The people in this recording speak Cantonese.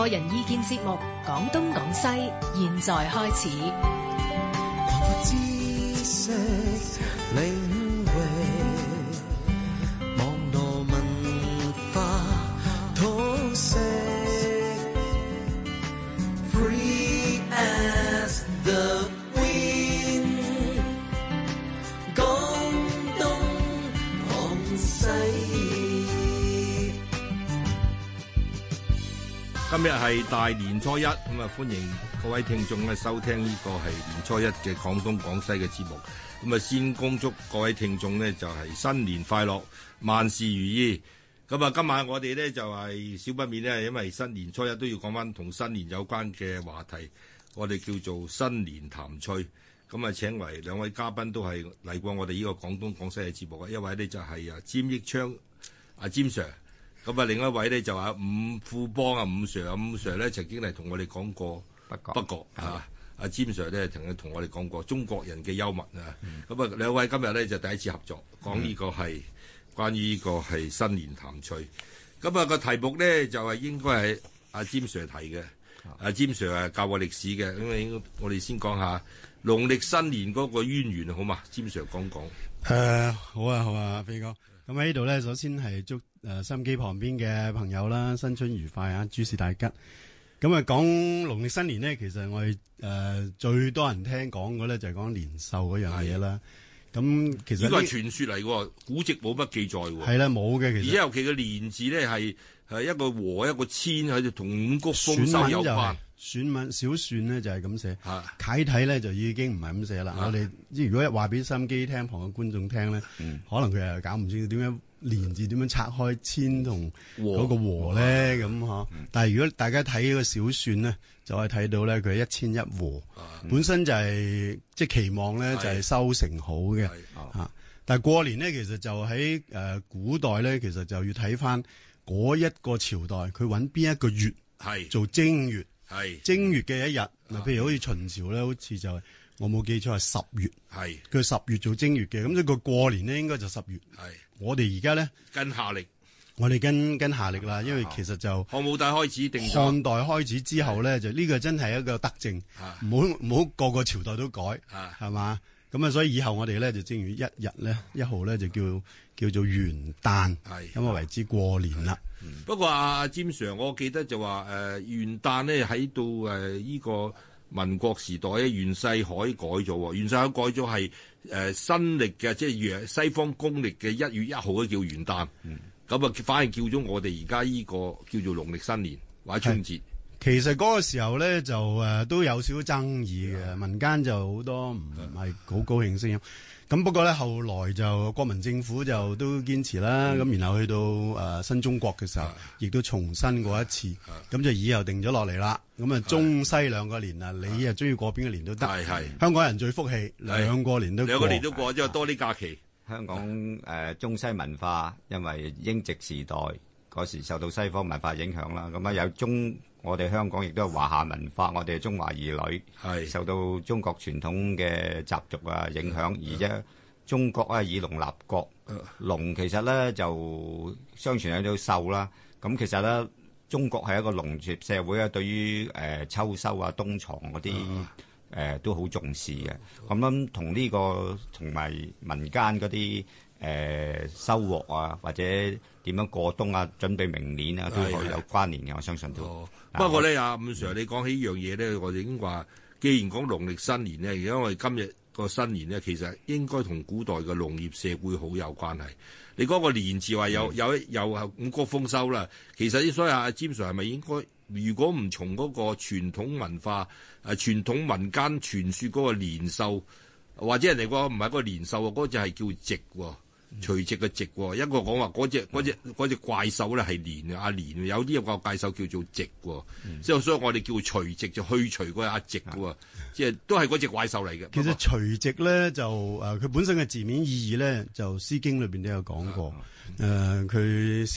個人意見節目《講東講西》，現在開始。今日係大年初一，咁啊歡迎各位聽眾咧收聽呢個係年初一嘅廣東，廣，東廣西嘅節目。咁啊先恭祝各位聽眾咧就係新年快樂，萬事如意。咁啊今晚我哋咧就係少不免咧，因為新年初一都要講翻同新年有關嘅話題，我哋叫做新年談趣。咁啊請為兩位嘉賓都係嚟過我哋呢個廣東，廣，東廣西嘅節目嘅，一位咧就係阿詹益光阿詹 Sir。咁啊，另一位咧就阿伍富邦啊，伍 Sir，伍 Sir 呢啊，伍 Sir 咧曾經嚟同我哋講過，不過吓，阿詹 Sir 咧曾經同我哋講過中國人嘅幽默啊。咁啊、嗯，兩位今日咧就第一次合作，講呢個係的關於呢個係新年談趣。咁啊，個題目咧就係應該係阿詹 Sir 提嘅，阿詹 Sir 啊教過歷史嘅，咁啊，我哋、嗯、先講下農曆新年嗰個淵源好嘛，詹 Sir 講講。誒，好啊，好啊，飛哥。咁喺呢度咧，首先係祝。誒、呃，收音機旁邊嘅朋友啦，新春愉快啊，諸事大吉。咁、嗯、啊，講農曆新年咧，其實我哋誒、呃、最多人聽講嘅咧，就係講年獸嗰樣嘢啦。咁、嗯嗯、其實呢個係傳說嚟，古籍冇乜記載。係啦、啊，冇嘅。其實而且尤其個年字咧，係誒一個禾一個千，喺度同五穀豐收有關。篆文，就是小篆咧就係咁寫，楷、啊、體咧就已經唔係咁寫啦。啊、我哋如果一話俾收音機聽，旁嘅觀眾聽咧，可能佢係搞唔清點樣。年字點樣拆開，千同嗰個禾咧？咁、嗯嗯嗯嗯、但係如果大家睇個小篆咧，就可以睇到咧，佢係一千一禾，嗯、本身就係即係期望咧，就係收成好嘅。吓、嗯，嗯、但係過年咧，其實就喺誒、呃、古代咧，其實就要睇翻嗰一個朝代，佢揾邊一個月係做正月係正月嘅一日。嗱、嗯，譬如好似秦朝咧，好似就我冇記錯係十月，係佢是十月做正月嘅，咁佢個過年咧，應該就十月係。我哋而家咧跟夏曆，我哋跟跟夏曆啦，因為其實就漢武帝開始定漢代開始之後咧，就呢個真係一個德政，唔好唔好個個朝代都改，係嘛？咁啊，所以以後我哋咧就正月一日咧一號咧就叫叫做元旦，係咁啊，為之過年啦。不過阿阿詹 Sir 我記得就話誒元旦咧喺到誒呢個。民國時代咧，袁世凱改咗袁世凱改咗係誒新曆嘅，即係西方公曆嘅一月一號都叫元旦，咁啊，嗯，反而叫咗我哋而家呢個叫做農曆新年或者春節。其實嗰個時候咧就誒都有少爭議嘅，民間就好多唔係好高興聲音。咁不過咧後來就國民政府就都堅持啦，咁然後去到誒新中國嘅時候，亦都重新過一次，咁就以後定咗落嚟啦。咁啊中西兩個年啊，你啊中意過邊個年都得。係香港人最福氣，兩個年都兩個年都過咗，多啲假期。香港誒中西文化，因為英殖時代。嗰時受到西方文化影響啦，咁啊有中，我哋香港亦都係華夏文化，我哋係中華兒女，受到中國傳統嘅習俗啊影響，而且中國啊以龍立國，龍其實咧就相傳有種獸啦，咁其實咧中國係一個農業社會啊，對於誒秋收啊冬藏嗰啲誒都好重視嘅，咁樣同呢個同埋民間嗰啲。誒、呃、收穫啊，或者點樣過冬啊，準備明年啊，都係有關聯嘅。的我相信都。不過咧，阿伍 s i r 你講起呢樣嘢咧，嗯、我哋已經話，既然講農曆新年咧，因為我哋今日個新年咧，其實應該同古代嘅農業社會好有關係。你嗰個年字話有、嗯、有又五穀豐收啦，其實所以阿詹 m s i r 係咪應該，如果唔從嗰個傳統文化啊、傳統民間傳説嗰個年獸，或者人哋講唔係嗰個年獸啊，嗰隻係叫值喎。除夕嘅夕，一個講話嗰隻隻隻怪獸咧係連啊連，有啲有個怪獸叫做夕，即係所以我哋叫除夕，就去除個阿夕噶，嗯、即係都係嗰隻怪獸嚟嘅。其實除夕咧就誒，佢、嗯呃、本身嘅字面意義咧，就《詩經》裏邊都有講過，誒佢、嗯。嗯呃